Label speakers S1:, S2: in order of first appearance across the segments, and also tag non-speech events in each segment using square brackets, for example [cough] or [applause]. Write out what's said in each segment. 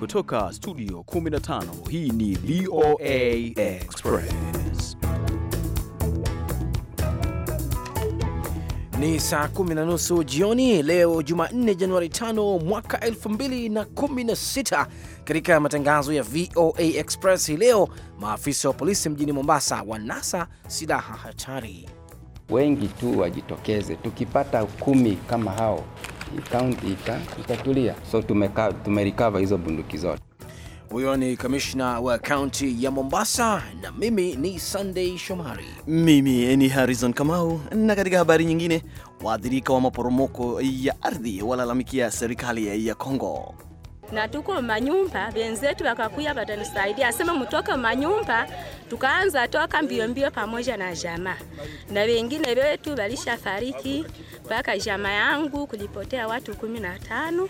S1: Kutoka studio 15 hii ni VOA Express.
S2: Ni saa kumi na nusu jioni leo Jumanne, Januari 5 mwaka 2016. Katika matangazo ya VOA Express hii leo, maafisa wa polisi mjini Mombasa wanasa silaha hatari.
S3: Wengi tu wajitokeze, tukipata kumi kama hao kaunti ikatulia, so tumerecover hizo bunduki zote.
S2: Huyo ni kamishna
S1: wa kaunti ya Mombasa,
S2: na mimi ni Sunday Shomari.
S1: Mimi ni Harrison Kamau. Na katika habari nyingine, waathirika wa maporomoko ya ardhi walalamikia serikali ya Kongo
S4: na tuko manyumba, wenzetu wakakuya watanisaidia, asema mtoke manyumba. Tukaanza toka mbio mbio pamoja na jama na wengine wetu walisha fariki, mpaka jama yangu kulipotea watu kumi na tano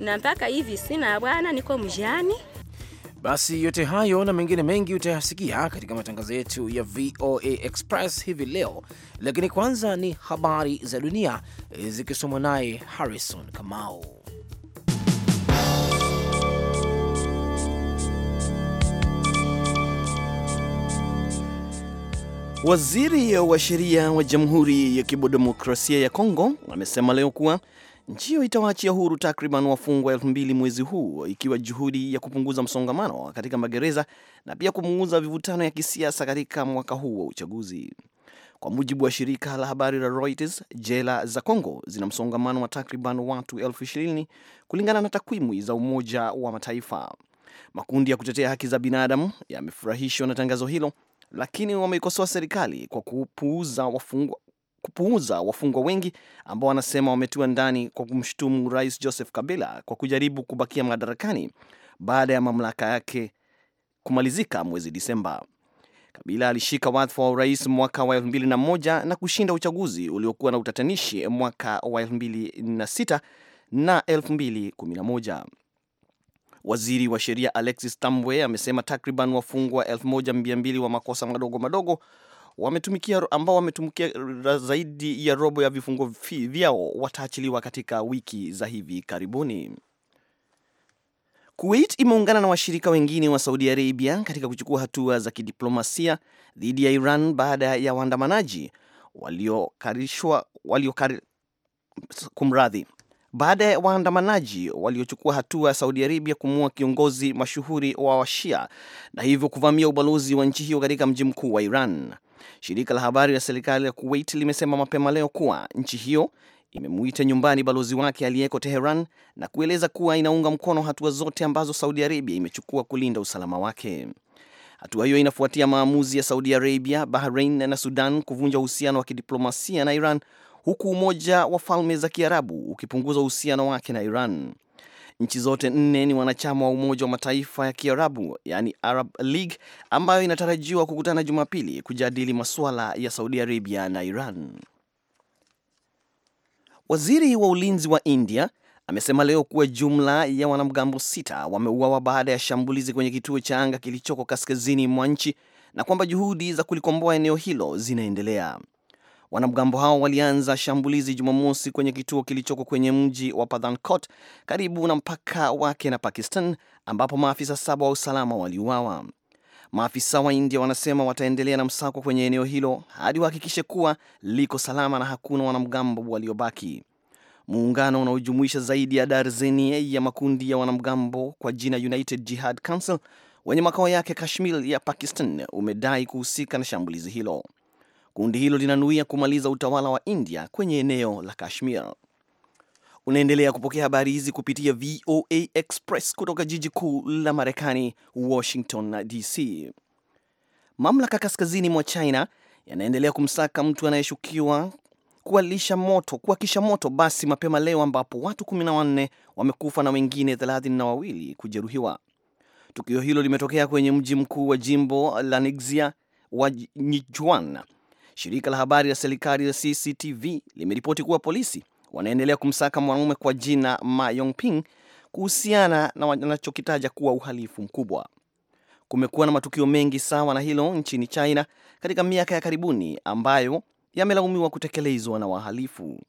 S4: na mpaka hivi sina bwana, niko mjani.
S2: Basi yote hayo na mengine mengi utayasikia katika matangazo yetu ya VOA Express hivi leo, lakini kwanza ni habari za dunia eh, zikisomwa naye Harrison
S1: Kamau. Waziri wa sheria wa Jamhuri ya Kidemokrasia ya Kongo amesema leo kuwa nchi hiyo itawaachia huru takriban wafungwa elfu mbili mwezi huu ikiwa juhudi ya kupunguza msongamano katika magereza na pia kupunguza vivutano ya kisiasa katika mwaka huu wa uchaguzi. Kwa mujibu wa shirika la habari la Reuters, jela za Kongo zina msongamano wa takriban watu elfu ishirini kulingana na takwimu za Umoja wa Mataifa. Makundi ya kutetea haki za binadamu yamefurahishwa na tangazo hilo lakini wameikosoa serikali kwa kupuuza wafungwa kupuuza wafungwa wengi ambao wanasema wametiwa ndani kwa kumshutumu Rais Joseph Kabila kwa kujaribu kubakia madarakani baada ya mamlaka yake kumalizika mwezi Disemba. Kabila alishika wadhifa wa urais mwaka wa 2001 na kushinda uchaguzi uliokuwa na utatanishi mwaka wa 2006 na 2011. Waziri wa sheria Alexis Tambwe amesema takriban wafungwa 1200 wa makosa madogo madogo wametumikia ambao wametumikia zaidi ya robo ya vifungo vyao wataachiliwa katika wiki za hivi karibuni. Kuwait imeungana na washirika wengine wa Saudi Arabia katika kuchukua hatua za kidiplomasia dhidi ya Iran baada ya waandamanaji waliokarishwa walio kumradhi baada ya waandamanaji waliochukua hatua ya Saudi Arabia kumuua kiongozi mashuhuri wa Washia na hivyo kuvamia ubalozi wa nchi hiyo katika mji mkuu wa Iran. Shirika la habari la serikali ya Kuwait limesema mapema leo kuwa nchi hiyo imemuita nyumbani balozi wake aliyeko Teheran na kueleza kuwa inaunga mkono hatua zote ambazo Saudi Arabia imechukua kulinda usalama wake. Hatua hiyo inafuatia maamuzi ya Saudi Arabia, Bahrain na Sudan kuvunja uhusiano wa kidiplomasia na Iran huku Umoja wa Falme za Kiarabu ukipunguza uhusiano wake na Iran. Nchi zote nne ni wanachama wa Umoja wa Mataifa ya Kiarabu, yani Arab League, ambayo inatarajiwa kukutana Jumapili kujadili masuala ya Saudi Arabia na Iran. Waziri wa ulinzi wa India amesema leo kuwa jumla ya wanamgambo sita wameuawa baada ya shambulizi kwenye kituo cha anga kilichoko kaskazini mwa nchi na kwamba juhudi za kulikomboa eneo hilo zinaendelea. Wanamgambo hao walianza shambulizi Jumamosi kwenye kituo kilichoko kwenye mji wa Pathankot karibu na mpaka wake na Pakistan, ambapo maafisa saba wa usalama waliuawa. Maafisa wa India wanasema wataendelea na msako kwenye eneo hilo hadi wahakikishe kuwa liko salama na hakuna wanamgambo waliobaki. Muungano unaojumuisha zaidi ya darzeni ya makundi ya wanamgambo kwa jina United Jihad Council wenye makao yake Kashmir ya Pakistan umedai kuhusika na shambulizi hilo. Kundi hilo linanuia kumaliza utawala wa India kwenye eneo la Kashmir. Unaendelea kupokea habari hizi kupitia VOA Express kutoka jiji kuu la Marekani, Washington DC. Mamlaka kaskazini mwa China yanaendelea kumsaka mtu anayeshukiwa kuwalisha moto kuwakisha moto basi mapema leo, ambapo watu 14 wamekufa na wengine 32 kujeruhiwa. Tukio hilo limetokea kwenye mji mkuu wa jimbo la Ningxia wa Nijuan Shirika la habari la serikali la CCTV limeripoti kuwa polisi wanaendelea kumsaka mwanaume kwa jina Ma Yongping kuhusiana na wanachokitaja kuwa uhalifu mkubwa. Kumekuwa na matukio mengi sawa na hilo nchini China katika miaka ya karibuni ambayo yamelaumiwa kutekelezwa na wahalifu.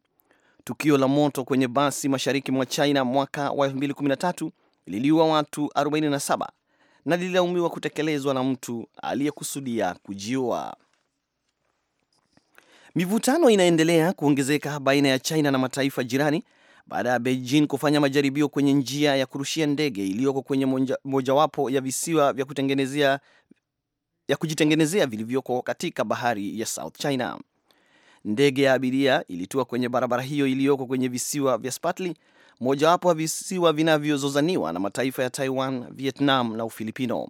S1: Tukio la moto kwenye basi mashariki mwa China mwaka wa 2013 liliua watu 47 na lililaumiwa kutekelezwa na mtu aliyekusudia kujiua. Mivutano inaendelea kuongezeka baina ya China na mataifa jirani baada ya Beijing kufanya majaribio kwenye njia ya kurushia ndege iliyoko kwenye mojawapo ya visiwa vya kutengenezea ya kujitengenezea vilivyoko katika bahari ya South China. Ndege ya abiria ilitua kwenye barabara hiyo iliyoko kwenye visiwa vya Spratly, mojawapo ya visiwa vinavyozozaniwa na mataifa ya Taiwan, Vietnam na Ufilipino.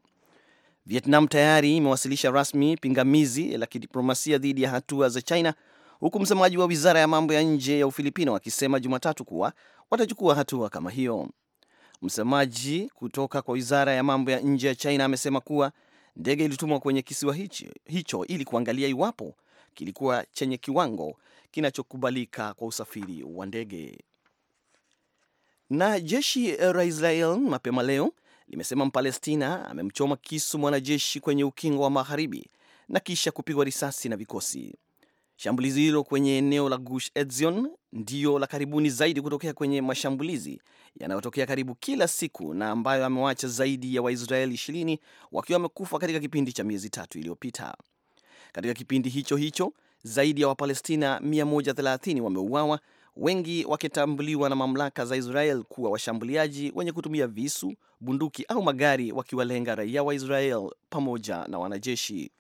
S1: Vietnam tayari imewasilisha rasmi pingamizi la kidiplomasia dhidi ya hatua za China, huku msemaji wa wizara ya mambo ya nje ya Ufilipino akisema Jumatatu kuwa watachukua hatua kama hiyo. Msemaji kutoka kwa wizara ya mambo ya nje ya China amesema kuwa ndege ilitumwa kwenye kisiwa hicho ili kuangalia iwapo kilikuwa chenye kiwango kinachokubalika kwa usafiri wa ndege. Na jeshi la Israel mapema leo limesema Mpalestina amemchoma kisu mwanajeshi kwenye ukingo wa magharibi na kisha kupigwa risasi na vikosi. Shambulizi hilo kwenye eneo la Gush Etzion ndiyo la karibuni zaidi kutokea kwenye mashambulizi yanayotokea karibu kila siku na ambayo amewacha zaidi ya Waisraeli ishirini wakiwa wamekufa katika kipindi cha miezi tatu iliyopita. Katika kipindi hicho hicho zaidi ya Wapalestina 130 wameuawa wengi wakitambuliwa na mamlaka za Israel kuwa washambuliaji wenye kutumia visu, bunduki au magari wakiwalenga raia wa Israel pamoja na wanajeshi.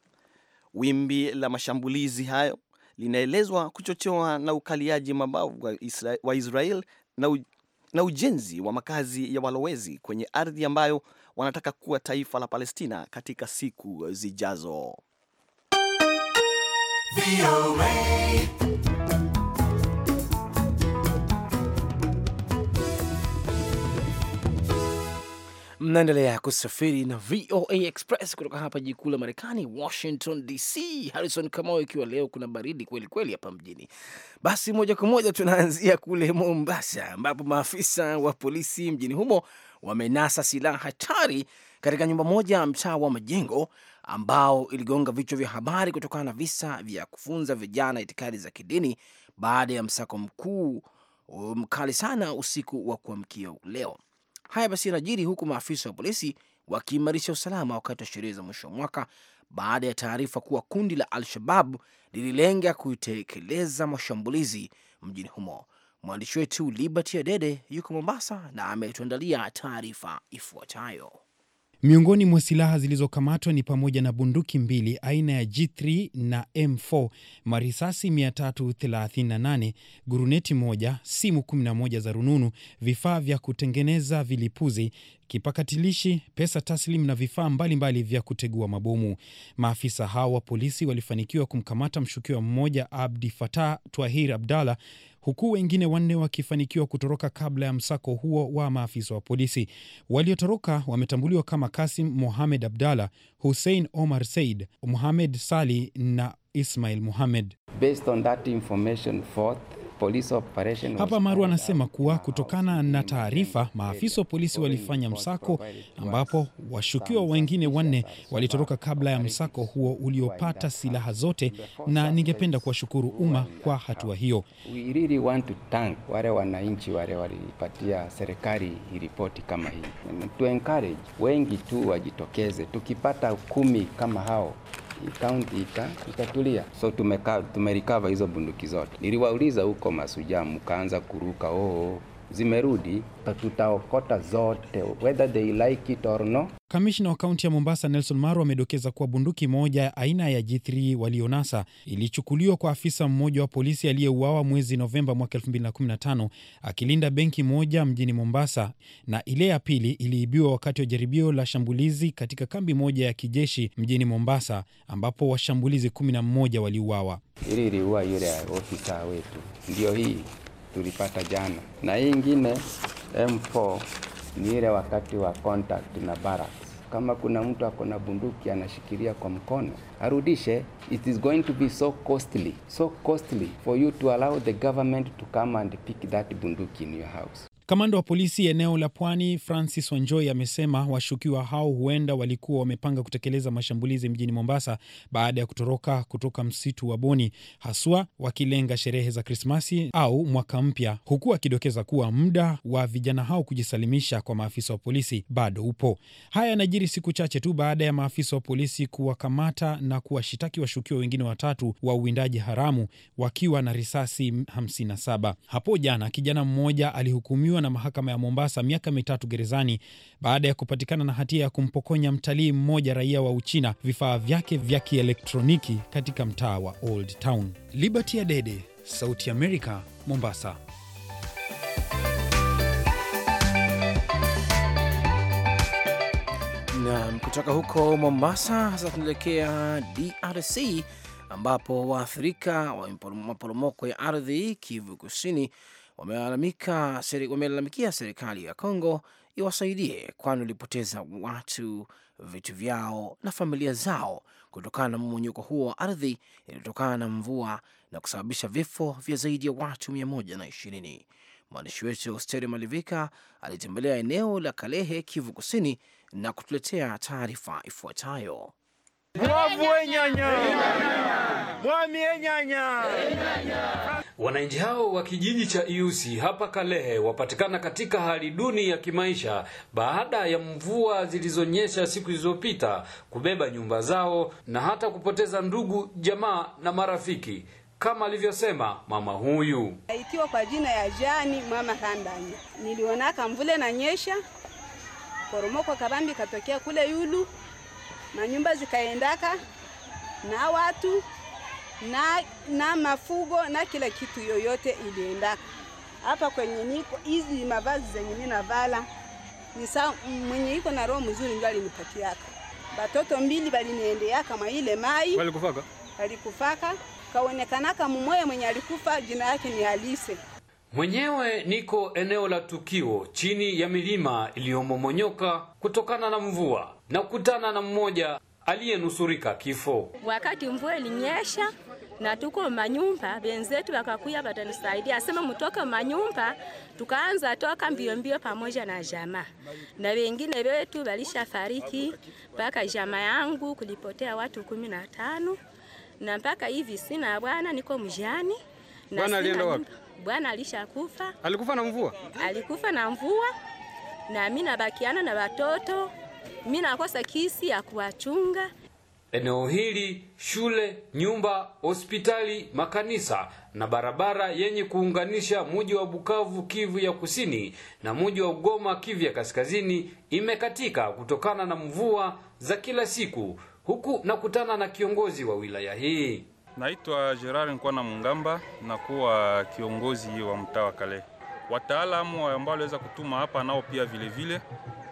S1: Wimbi la mashambulizi hayo linaelezwa kuchochewa na ukaliaji mabavu wa Israel na, na ujenzi wa makazi ya walowezi kwenye ardhi ambayo wanataka kuwa taifa la Palestina katika siku zijazo.
S2: Mnaendelea kusafiri na VOA Express kutoka hapa jiji kuu la Marekani, Washington DC. Harrison Kamau, ikiwa leo kuna baridi kweli kweli hapa mjini, basi moja kwa moja tunaanzia kule Mombasa, ambapo maafisa wa polisi mjini humo wamenasa silaha hatari katika nyumba moja ya mtaa wa Majengo ambao iligonga vichwa vya habari kutokana na visa vya kufunza vijana itikadi za kidini baada ya msako mkuu mkali sana usiku wa kuamkia leo. Haya basi yanajiri huku maafisa wa polisi wakiimarisha usalama wakati wa sherehe za mwisho wa mwaka baada ya taarifa kuwa kundi la al shababu lililenga kuitekeleza mashambulizi mjini humo. Mwandishi wetu Liberty Adede yuko Mombasa na ametuandalia taarifa ifuatayo.
S5: Miongoni mwa silaha zilizokamatwa ni pamoja na bunduki mbili aina ya G3 na M4, marisasi 338, guruneti moja, simu 11 za rununu, vifaa vya kutengeneza vilipuzi, kipakatilishi, pesa taslim na vifaa mbalimbali vya kutegua mabomu. Maafisa hao wa polisi walifanikiwa kumkamata mshukiwa mmoja Abdi Fatah Twahir Abdalla huku wengine wanne wakifanikiwa kutoroka kabla ya msako huo wa maafisa wa polisi. Waliotoroka wametambuliwa kama Kasim Mohamed Abdalla, Hussein Omar Said, Mohamed Sali na Ismail Mohamed.
S3: Based on that information forth hapa
S5: Maru anasema kuwa kutokana na taarifa, maafisa wa polisi walifanya msako ambapo washukiwa wengine wanne walitoroka kabla ya msako huo uliopata silaha zote, na ningependa kuwashukuru umma kwa hatua hiyo.
S3: wale wananchi wale walipatia serikali ripoti kama hii. To encourage wengi tu wajitokeze, tukipata kumi kama hao kaunti ika, ikatulia. So tumerikava tume hizo bunduki zote. Niliwauliza huko masujaa, mkaanza kuruka oo oh, oh, oh zimerudi, tutaokota zote whether they like it or no.
S5: Kamishna wa kaunti ya Mombasa Nelson Maro amedokeza kuwa bunduki moja aina ya G3 walionasa ilichukuliwa kwa afisa mmoja wa polisi aliyeuawa mwezi Novemba mwaka 2015 akilinda benki moja mjini Mombasa, na ile ya pili iliibiwa wakati wa jaribio la shambulizi katika kambi moja ya kijeshi mjini Mombasa, ambapo washambulizi 11 waliuawa.
S3: Ili iliua yule ofisa wetu, ndio hii tulipata jana, na hii ingine M4 ni ile wakati wa contact na barracks. Kama kuna mtu ako na bunduki anashikilia kwa mkono arudishe. It is going to be so costly, so costly for you to allow the government to come and pick that bunduki in your house.
S5: Kamanda wa polisi eneo la Pwani Francis Wanjoi amesema washukiwa hao huenda walikuwa wamepanga kutekeleza mashambulizi mjini Mombasa baada ya kutoroka kutoka msitu wa Boni, haswa wakilenga sherehe za Krismasi au mwaka mpya, huku akidokeza kuwa muda wa vijana hao kujisalimisha kwa maafisa wa polisi bado upo. Haya yanajiri siku chache tu baada ya maafisa wa polisi kuwakamata na kuwashitaki washukiwa wengine watatu wa uwindaji haramu wakiwa na risasi 57. Hapo jana kijana mmoja alihukumiwa alihukumiwa na mahakama ya Mombasa miaka mitatu gerezani baada ya kupatikana na hatia ya kumpokonya mtalii mmoja raia wa Uchina vifaa vyake vya kielektroniki katika mtaa wa Old Town. Liberty Adede, Sauti ya Amerika, Mombasa.
S2: Nam, kutoka huko Mombasa sasa tunaelekea DRC ambapo waathirika wa maporomoko ya ardhi Kivu Kusini wamelalamikia seri, serikali ya congo iwasaidie, kwani walipoteza watu, vitu vyao na familia zao kutokana na mmonyoko huo wa ardhi iliyotokana na mvua na kusababisha vifo vya zaidi ya watu mia moja na ishirini. Mwandishi wetu Hosteri Malivika alitembelea eneo la Kalehe, Kivu Kusini, na kutuletea taarifa
S6: ifuatayo.
S7: Mwavu enyanya
S2: mwami enyanya
S6: Wananchi hao wa kijiji cha Iusi hapa Kalehe wapatikana katika hali duni ya kimaisha baada ya mvua zilizonyesha siku zilizopita kubeba nyumba zao na hata kupoteza ndugu, jamaa na marafiki kama alivyosema mama huyu
S3: aitiwa kwa jina ya Jani mama Kandani, Niliona kamvule na nyesha poromoko kabambi katokea kule yulu na nyumba zikaendaka na watu na, na mafugo na kila kitu yoyote iliendaka hapa kwenye niko. Hizi mavazi zenye mimi navala ni sawa, mwenye iko na roho mzuri ndio alinipatiaka. Batoto mbili baliniendeaka kama ile mai walikufaka, walikufaka kaonekanaka mumoya mwenye alikufa jina yake ni alise
S6: Mwenyewe niko eneo la tukio chini ya milima iliyomomonyoka kutokana na mvua na kutana na mmoja aliyenusurika kifo
S4: wakati mvua ilinyesha na tuko manyumba, wenzetu wakakuya watanisaidia, asema mtoke manyumba. Tukaanza toka mbio mbio pamoja na jamaa na wengine wetu walisha fariki, mpaka jamaa yangu kulipotea watu kumi na tano na mpaka hivi sina bwana, niko mjani. Bwana alienda wapi? Bwana alishakufa.
S6: Alikufa na mvua?
S4: Alikufa na mvua, na mimi nabakiana na watoto, mimi nakosa kisi ya kuwachunga
S6: Eneo hili shule, nyumba, hospitali, makanisa na barabara yenye kuunganisha muji wa Bukavu Kivu ya Kusini na muji wa ugoma Kivu ya Kaskazini imekatika kutokana na mvua za kila siku. Huku nakutana na kiongozi wa wilaya hii. Naitwa Gerard Nkwana Mungamba, na kuwa kiongozi wa mtaa wa Kale. Wataalamu ambao waliweza
S5: kutuma hapa nao pia vilevile vile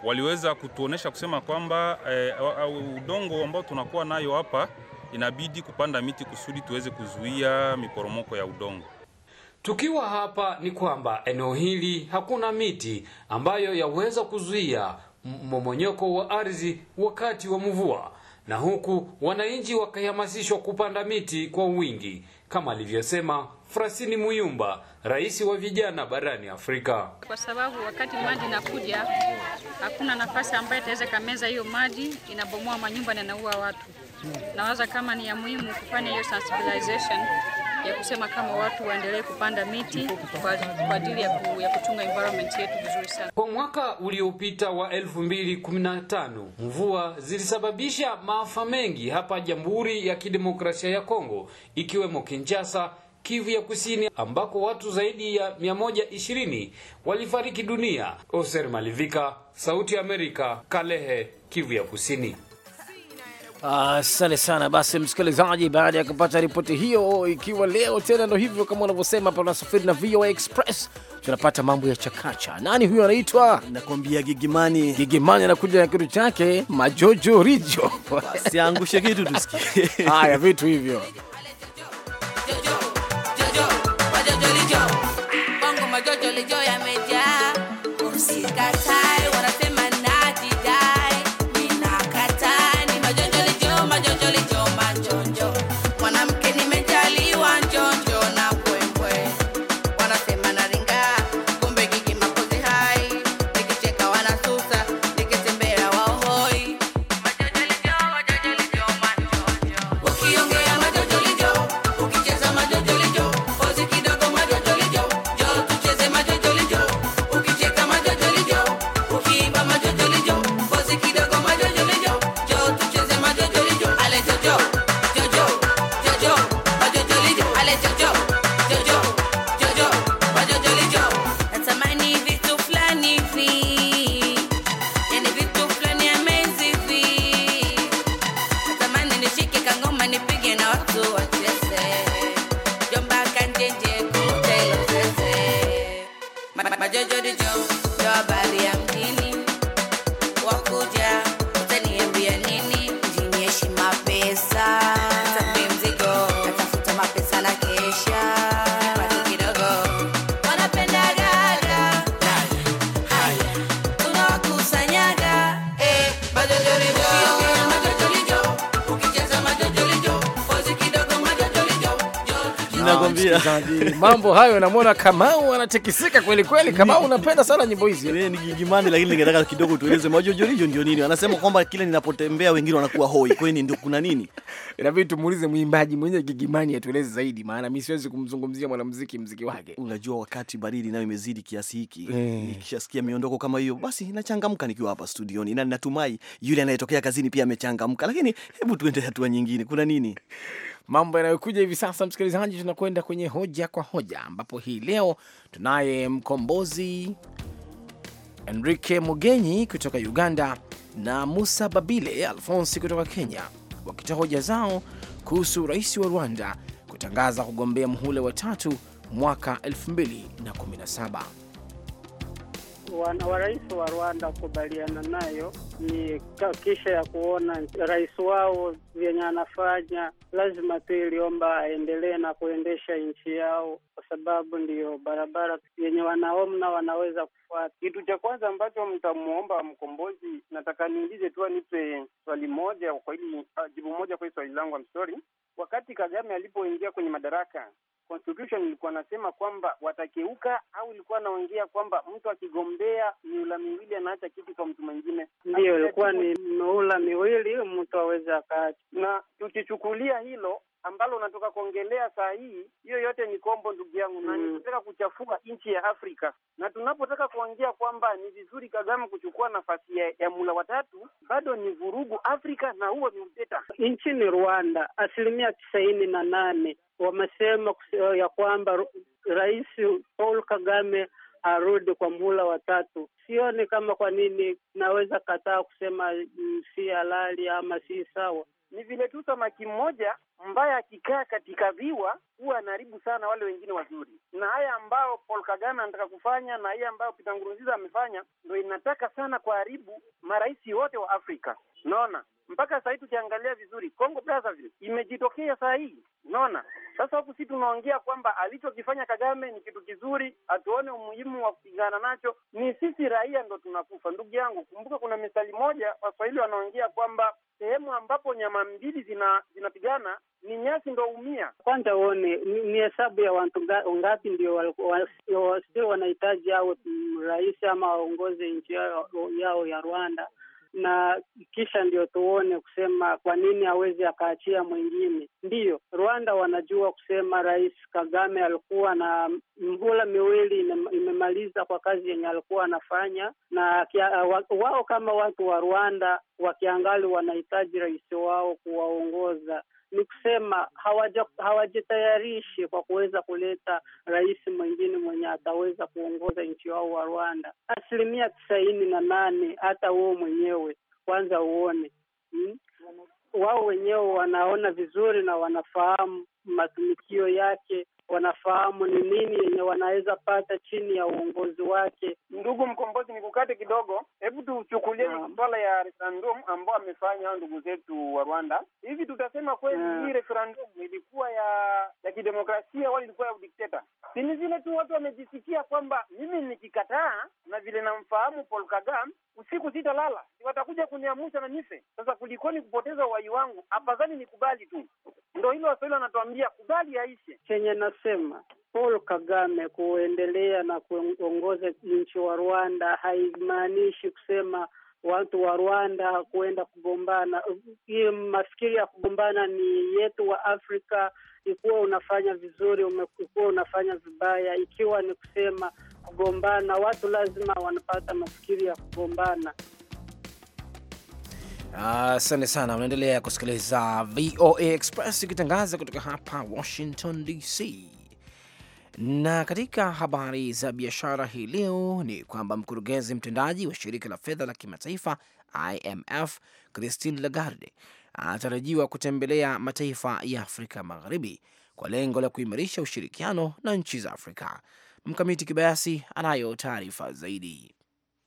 S5: waliweza kutuonesha kusema kwamba e,
S6: udongo ambao tunakuwa nayo hapa inabidi kupanda miti kusudi tuweze kuzuia miporomoko ya udongo. Tukiwa hapa ni kwamba eneo hili hakuna miti ambayo yaweza kuzuia mmomonyoko wa ardhi wakati wa mvua, na huku wananchi wakahamasishwa kupanda miti kwa wingi kama alivyosema Frasini Muyumba, rais wa vijana barani Afrika. Kwa sababu wakati
S7: maji inakuja, hakuna nafasi ambayo itaweza kameza hiyo maji, inabomoa manyumba na inaua watu. Nawaza kama ni ya muhimu kufanya hiyo sensibilization ya kusema kama watu waendelee kupanda miti kwa ajili ya, ya kutunga environment yetu vizuri
S6: sana. Kwa mwaka uliopita wa 2015 mvua zilisababisha maafa mengi hapa Jamhuri ya Kidemokrasia ya Kongo ikiwemo Kinshasa, Kivu ya Kusini ambako watu zaidi ya 120 walifariki dunia. Oser Malivika, Sauti ya Amerika, Kalehe, Kivu ya Kusini.
S2: Asante uh, sana basi msikilizaji, baada ya kupata ripoti hiyo, ikiwa leo tena ndo hivyo kama unavyosema pa unasafiri na VOA Express, tunapata mambo ya chakacha. Nani huyo anaitwa? Nakwambia Gigimani, Gigimani anakuja na kitu chake majojo rijo. Basi angushe kitu tusikie. Haya, vitu hivyo
S1: hayo, namwona Kamau anatikisika kweli kweli. Kamau, unapenda sana nyimbo hizi. Yeye ni gigimani, lakini ningetaka kidogo tueleze majojorijo ndio nini. Anasema kwamba kila ninapotembea wengine wanakuwa hoi, kwani ndio kuna nini? Inabidi tumuulize mwimbaji mwenye gigimani atueleze zaidi, maana mimi siwezi kumzungumzia mwanamuziki muziki wake. Unajua, wakati baridi nayo imezidi kiasi hiki, mm. nikishasikia miondoko kama hiyo, basi nachangamka nikiwa hapa studioni, na natumai yule anayetokea kazini pia amechangamka. Lakini hebu tuende hatua nyingine, kuna nini? mambo yanayokuja hivi sasa. Msikilizaji, tunakwenda
S2: kwenye hoja kwa hoja, ambapo hii leo tunaye mkombozi Enrique Mugenyi kutoka Uganda na Musa Babile Alfonsi kutoka Kenya, wakitoa hoja zao kuhusu rais wa Rwanda kutangaza kugombea muhula wa tatu mwaka 2017
S8: wana wa rais wa Rwanda kubaliana nayo ni kisha ya kuona rais wao vyenye anafanya, lazima tu iliomba aendelee na kuendesha nchi yao, kwa sababu ndiyo barabara yenye wanaomna wanaweza kufuata. Kitu cha kwanza ambacho mtamwomba Mkombozi, nataka niulize tu, anipe swali moja
S9: kwa hili, ah, jibu moja kwa hili swali langu. I'm sorry. Wakati Kagame alipoingia kwenye madaraka, constitution ilikuwa nasema kwamba watakeuka, au ilikuwa naongea kwamba mtu akigom anagombea miula miwili, anaacha kiti kwa mtu mwingine. Ndiyo ilikuwa ni miula miwili mtu aweze akaacha, na tukichukulia hilo ambalo unatoka kuongelea saa hii, hiyo yote ni kombo ndugu yangu, na mm. nikutaka kuchafua nchi ya Afrika. Na tunapotaka kuongea kwamba ni vizuri Kagame kuchukua nafasi ya, ya mula watatu, bado ni vurugu Afrika na huo ni uteta.
S8: Nchini Rwanda asilimia tisaini na nane wamesema ya kwamba Rais Paul Kagame arudi kwa muhula wa tatu. Sioni kama kwa nini naweza kataa kusema mm, si halali ama si sawa. Ni vile tu samaki mmoja ambaye akikaa katika ziwa huwa anaharibu
S9: sana wale wengine wazuri, na haya ambayo Paul Kagame anataka kufanya na haya ambayo Pita Ngurunziza amefanya, ndo inataka sana kuharibu marais wote wa Afrika. naona mpaka saa hii tukiangalia vizuri Congo Brazzaville imejitokea saa hii, unaona. Sasa huku si tunaongea kwamba alichokifanya Kagame ni kitu kizuri, atuone umuhimu wa kupigana nacho, ni sisi raia ndo tunakufa. Ndugu yangu, kumbuka kuna misali moja Waswahili wanaongea kwamba sehemu ambapo nyama mbili zina zinapigana ni nyasi ndo umia.
S8: Kwanza uone ni hesabu ya watu ngapi ndio sijui wanahitaji au rais ama waongoze nchi yao ya Rwanda na kisha ndio tuone kusema kwa nini hawezi akaachia mwingine. Ndiyo, Rwanda wanajua kusema Rais Kagame alikuwa na mhula miwili imemaliza kwa kazi yenye alikuwa anafanya, na wao kama watu wa Rwanda wakiangali wanahitaji rais wao kuwaongoza ni kusema hawajitayarishi kwa kuweza kuleta rais mwingine mwenye ataweza kuongoza nchi wao wa Rwanda. Asilimia tisaini na nane hata wao mwenyewe kwanza uone, hmm? wao wenyewe wanaona vizuri na wanafahamu matumikio yake, wanafahamu ni nini yenye wanaweza pata chini ya uongozi wake. Ndugu Mkombozi, ni kukate kidogo, hebu tuchukulie
S9: swala ya referendum ambao amefanya ndugu zetu wa Rwanda. Hivi tutasema kweli hii referendum ilikuwa ya ya kidemokrasia wala ilikuwa ya udikteta? Sini vile tu watu wamejisikia kwamba mimi nikikataa, na vile namfahamu Paul Kagame, usiku sitalala, watakuja kuniamusha na nife. Sasa kulikoni kupoteza uhai wangu, afadhali nikubali tu. Ndo hilo Waswahili wanatuambia kubali yaishe.
S8: Chenye nasema Paul Kagame kuendelea na kuongoza nchi wa Rwanda haimaanishi kusema watu wa Rwanda kuenda kugombana. Hiyo mafikiri ya kugombana ni yetu wa Afrika. ikuwa unafanya vizuri, umekuwa unafanya vibaya, ikiwa ni kusema kugombana, watu lazima wanapata mafikiri ya kugombana.
S2: Asante uh, sana. Unaendelea kusikiliza VOA Express ikitangaza kutoka hapa Washington DC. Na katika habari za biashara hii leo ni kwamba mkurugenzi mtendaji wa shirika la fedha la kimataifa IMF Christine Lagarde anatarajiwa kutembelea mataifa ya Afrika Magharibi kwa lengo la kuimarisha ushirikiano na nchi za Afrika. Mkamiti Kibayasi anayo taarifa zaidi.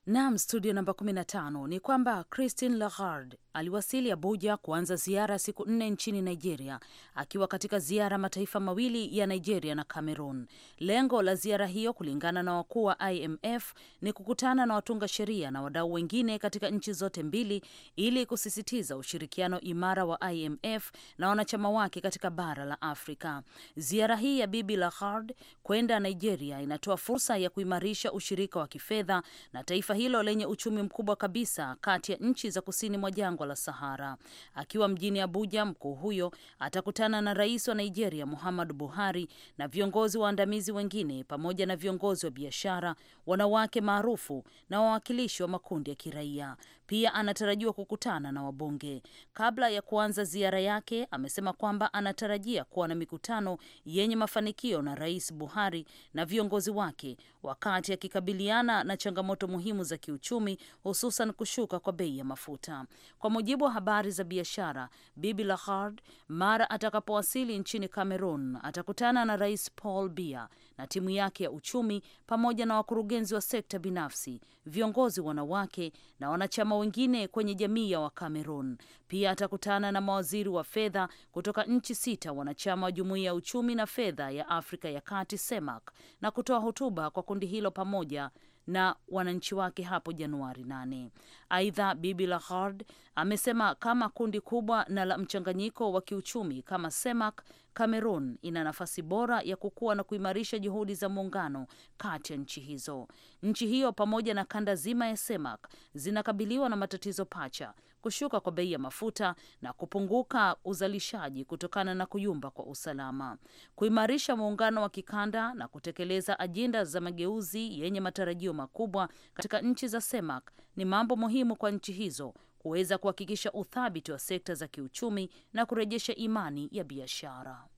S4: Nam studio namba 15 ni kwamba Christine Lagarde aliwasili Abuja kuanza ziara siku nne nchini Nigeria, akiwa katika ziara mataifa mawili ya Nigeria na Cameroon. Lengo la ziara hiyo, kulingana na wakuu wa IMF, ni kukutana na watunga sheria na wadau wengine katika nchi zote mbili ili kusisitiza ushirikiano imara wa IMF na wanachama wake katika bara la Afrika. Ziara hii ya Bibi Lagarde kwenda Nigeria inatoa fursa ya kuimarisha ushirika wa kifedha na taifa taifa hilo lenye uchumi mkubwa kabisa kati ya nchi za kusini mwa jangwa la Sahara. Akiwa mjini Abuja, mkuu huyo atakutana na rais wa Nigeria Muhammadu Buhari na viongozi waandamizi wengine pamoja na viongozi wa biashara, wanawake maarufu na wawakilishi wa makundi ya kiraia. Pia anatarajiwa kukutana na wabunge. Kabla ya kuanza ziara yake, amesema kwamba anatarajia kuwa na mikutano yenye mafanikio na Rais Buhari na viongozi wake wakati akikabiliana na changamoto muhimu za kiuchumi, hususan kushuka kwa bei ya mafuta. Kwa mujibu wa habari za biashara, Bibi lahard mara atakapowasili nchini Cameroon atakutana na Rais Paul Biya na timu yake ya uchumi pamoja na wakurugenzi wa sekta binafsi, viongozi wanawake na wanachama wengine kwenye jamii ya Wakamerun. Pia atakutana na mawaziri wa fedha kutoka nchi sita wanachama wa jumuiya ya uchumi na fedha ya Afrika ya Kati, SEMAK, na kutoa hotuba kwa kundi hilo pamoja na wananchi wake hapo Januari 8. Aidha, Bibi Lagarde amesema kama kundi kubwa na la mchanganyiko wa kiuchumi kama CEMAC, Cameroon ina nafasi bora ya kukua na kuimarisha juhudi za muungano kati ya nchi hizo. Nchi hiyo pamoja na kanda zima ya CEMAC zinakabiliwa na matatizo pacha kushuka kwa bei ya mafuta na kupunguka uzalishaji kutokana na kuyumba kwa usalama, kuimarisha muungano wa kikanda na kutekeleza ajenda za mageuzi yenye matarajio makubwa katika nchi za SEMAK ni mambo muhimu kwa nchi hizo kuweza kuhakikisha uthabiti wa sekta za kiuchumi na kurejesha imani ya biashara.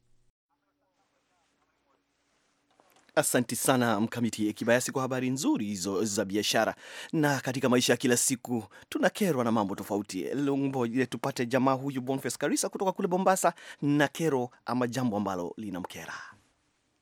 S1: Asanti sana Mkamiti Kibayasi kwa habari nzuri hizo za biashara. Na katika maisha ya kila siku tunakerwa na mambo tofauti. ile tupate jamaa huyu Boniface Karisa kutoka kule Mombasa na kero ama jambo ambalo linamkera.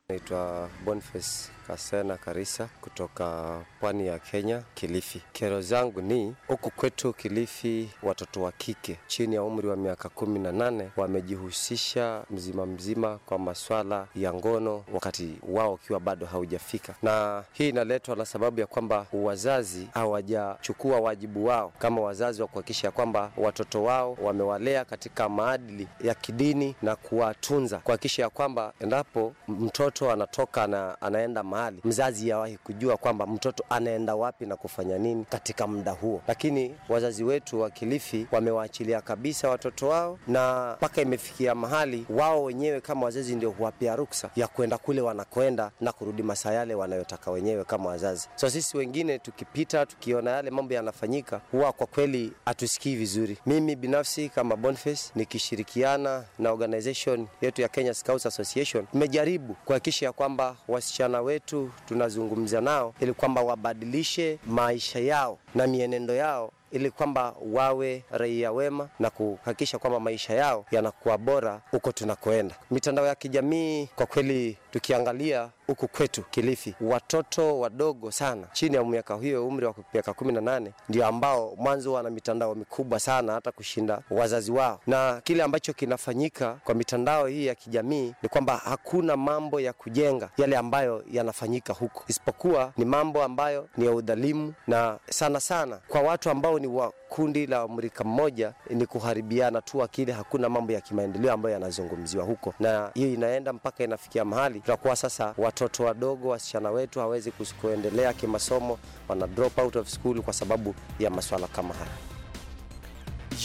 S10: Naitwa Boniface Kasena Karisa kutoka pwani ya Kenya, Kilifi. Kero zangu ni huku kwetu Kilifi, watoto wa kike chini ya umri wa miaka kumi na nane wamejihusisha mzima mzima kwa maswala ya ngono wakati wao ukiwa bado haujafika, na hii inaletwa na sababu ya kwamba wazazi hawajachukua wajibu wao kama wazazi wa kuhakikisha kwamba watoto wao wamewalea katika maadili ya kidini na kuwatunza, kuhakikisha ya kwamba endapo mtoto mtoto anatoka na anaenda mahali, mzazi yawahi kujua kwamba mtoto anaenda wapi na kufanya nini katika muda huo, lakini wazazi wetu wa Kilifi wamewaachilia kabisa watoto wao, na mpaka imefikia mahali wao wenyewe kama wazazi ndio huwapia ruksa ya kwenda kule wanakwenda na kurudi masaa yale wanayotaka wenyewe kama wazazi. So sisi wengine tukipita, tukiona yale mambo yanafanyika, huwa kwa kweli hatusikii vizuri. Mimi binafsi kama Boniface nikishirikiana na organization yetu ya Kenya Scouts Association tumejaribu kwa tuhakikishe ya kwamba wasichana wetu tunazungumza nao ili kwamba wabadilishe maisha yao na mienendo yao ili kwamba wawe raia wema na kuhakikisha kwamba maisha yao yanakuwa bora huko tunakoenda. Mitandao ya kijamii kwa kweli Tukiangalia huku kwetu Kilifi, watoto wadogo sana chini ya miaka hiyo, umri wa miaka kumi na nane, ndio ambao mwanzo wana mitandao mikubwa sana hata kushinda wazazi wao. Na kile ambacho kinafanyika kwa mitandao hii ya kijamii ni kwamba hakuna mambo ya kujenga yale ambayo yanafanyika huko, isipokuwa ni mambo ambayo ni ya udhalimu, na sana sana kwa watu ambao ni wa kundi la mrika mmoja, ni kuharibiana tu akili. Hakuna mambo ya kimaendeleo ambayo yanazungumziwa huko, na hiyo inaenda mpaka inafikia mahali tutakuwa sasa watoto wadogo, wasichana wetu hawezi kuendelea kimasomo, wana drop out of
S1: school kwa sababu ya maswala kama haya.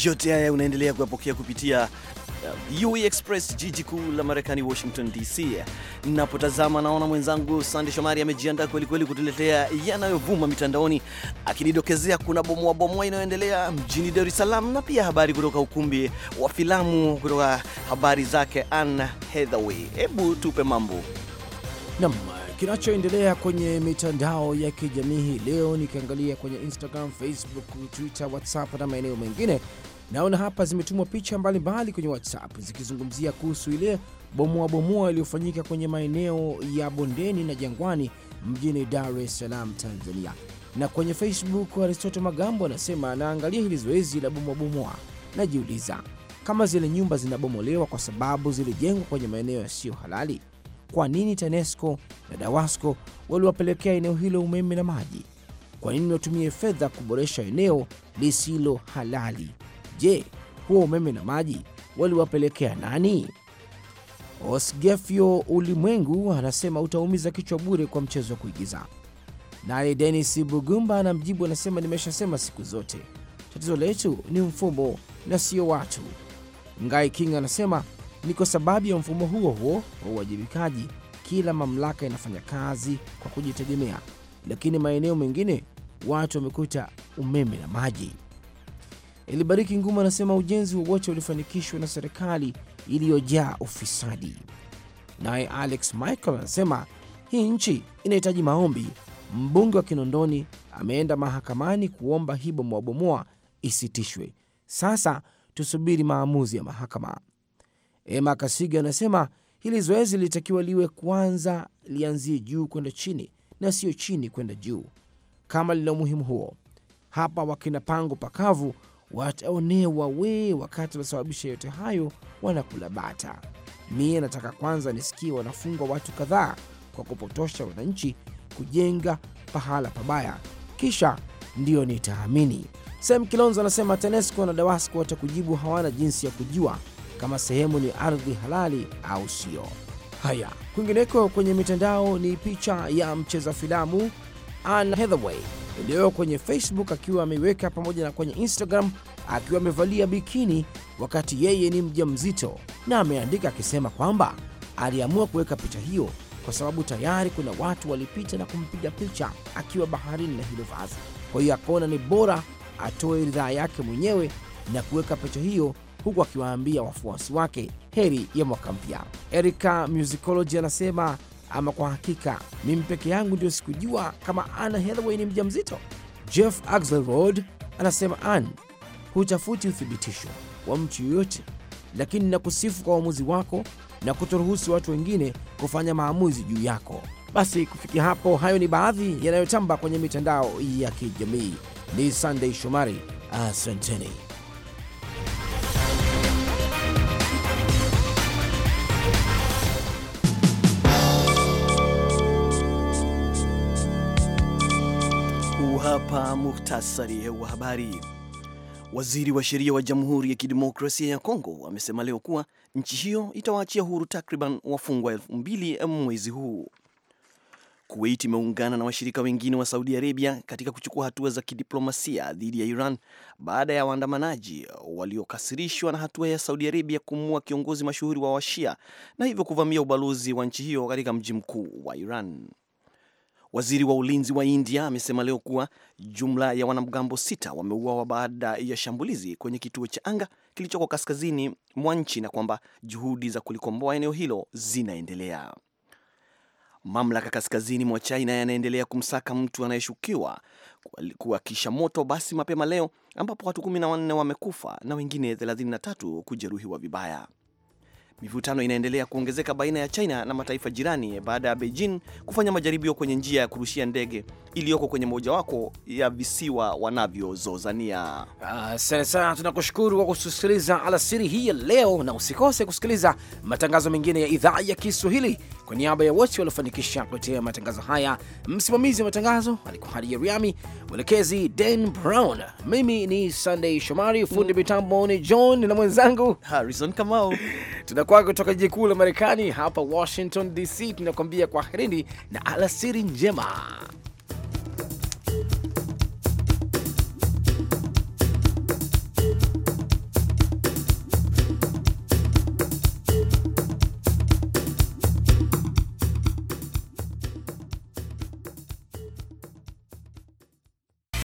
S1: Yote haya unaendelea kuyapokea kupitia VOA uh, e Express, jiji kuu la Marekani, Washington DC. Napotazama naona mwenzangu Sande Shomari amejiandaa kwelikweli kutuletea yanayovuma mitandaoni, akinidokezea kuna bomoa bomoa inayoendelea mjini Dar es Salaam, na pia habari kutoka ukumbi wa filamu kutoka habari zake Anne Hathaway. Hebu tupe mambo
S2: nam kinachoendelea kwenye mitandao ya kijamii hii leo, nikiangalia kwenye Instagram, Facebook, Twitter, WhatsApp na maeneo mengine Naona hapa zimetumwa picha mbalimbali kwenye WhatsApp zikizungumzia kuhusu ile bomoa bomoa iliyofanyika kwenye maeneo ya bondeni na jangwani mjini Dar es Salaam, Tanzania. Na kwenye Facebook, aristoto Magambo anasema anaangalia hili zoezi la bomoa bomoa, najiuliza kama zile nyumba zinabomolewa kwa sababu zilijengwa kwenye maeneo yasiyo halali, kwa nini TANESCO na DAWASCO waliwapelekea eneo hilo umeme na maji? Kwa nini watumie fedha kuboresha eneo lisilo halali? Je, huo umeme na maji waliwapelekea nani? Osgefio Ulimwengu anasema utaumiza kichwa bure kwa mchezo wa kuigiza. Naye Denis Bugumba anamjibu anasema, nimeshasema siku zote tatizo letu ni mfumo na sio watu. Ngai King anasema ni kwa sababu ya mfumo huo huo wa uwajibikaji, kila mamlaka inafanya kazi kwa kujitegemea, lakini maeneo mengine watu wamekuta umeme na maji. Elibariki Nguma anasema ujenzi wowote ulifanikishwa na serikali iliyojaa ufisadi. Naye Alex Michael anasema hii nchi inahitaji maombi. Mbunge wa Kinondoni ameenda mahakamani kuomba hii bomoabomoa isitishwe. Sasa tusubiri maamuzi ya mahakama. Emma Kasiga anasema hili zoezi lilitakiwa liwe kwanza, lianzie juu kwenda chini na sio chini kwenda juu, kama lina umuhimu huo. Hapa wakina pango pakavu wataonewa wee wakati wanasababisha yote hayo wanakula bata. Mie nataka kwanza nisikie wanafungwa watu kadhaa kwa kupotosha wananchi, kujenga pahala pabaya, kisha ndiyo nitaamini. Sam Kilonzo anasema TANESCO na DAWASCO watakujibu hawana jinsi ya kujua kama sehemu ni ardhi halali au sio. Haya, kwingineko kwenye mitandao ni picha ya mcheza filamu Anne Hathaway leo kwenye Facebook akiwa ameiweka pamoja na kwenye Instagram akiwa amevalia bikini, wakati yeye ni mja mzito na ameandika akisema kwamba aliamua kuweka picha hiyo kwa sababu tayari kuna watu walipita na kumpiga picha akiwa baharini na hilo vazi. Kwa hiyo akaona ni bora atoe ridhaa yake mwenyewe na kuweka picha hiyo huku akiwaambia wafuasi wake heri ya mwaka mpya. erica Musicology anasema ama kwa hakika mimi peke yangu ndio sikujua kama ana Hathaway ni mja mzito Jeff Axelrod anasema an hutafuti uthibitisho wa mtu yoyote, lakini nakusifu kwa uamuzi wako na kutoruhusu watu wengine kufanya maamuzi juu yako. Basi kufikia hapo, hayo ni baadhi yanayotamba kwenye mitandao ya kijamii. Ni sandey Shomari, asanteni.
S1: hapa muhtasari wa habari. Waziri wa sheria wa Jamhuri ya Kidemokrasia ya Kongo amesema leo kuwa nchi hiyo itawaachia huru takriban wafungwa elfu mbili mwezi huu. Kuwait imeungana na washirika wengine wa Saudi Arabia katika kuchukua hatua za kidiplomasia dhidi ya Iran baada ya waandamanaji waliokasirishwa na hatua ya Saudi Arabia kumua kiongozi mashuhuri wa Washia na hivyo kuvamia ubalozi wa nchi hiyo katika mji mkuu wa Iran. Waziri wa ulinzi wa India amesema leo kuwa jumla ya wanamgambo sita wameuawa baada ya shambulizi kwenye kituo cha anga kilichoko kaskazini mwa nchi na kwamba juhudi za kulikomboa eneo hilo zinaendelea. Mamlaka kaskazini mwa China yanaendelea kumsaka mtu anayeshukiwa kuakisha moto basi mapema leo ambapo watu 14 wamekufa na wengine 33 kujeruhiwa vibaya. Mivutano inaendelea kuongezeka baina ya China na mataifa jirani baada ya Beijing kufanya majaribio kwenye njia ya kurushia ndege iliyoko kwenye wako ya visiwa wanavyozozania.
S2: Asante sana, tunakushukuru kwa kusikiliza alasiri hii ya leo, na usikose kusikiliza matangazo mengine ya idhaa ya Kiswahili. Kwa niaba ya wote waliofanikisha kuletea matangazo haya, msimamizi wa matangazo alikuwa Hadi Riami, mwelekezi Dan Brown, mimi ni Sunday Shomari, fundi mitambo ni John na mwenzangu Harrison Kamau [laughs] kwako kutoka jiji kuu la Marekani hapa Washington DC, tunakwambia kwaherini na alasiri njema.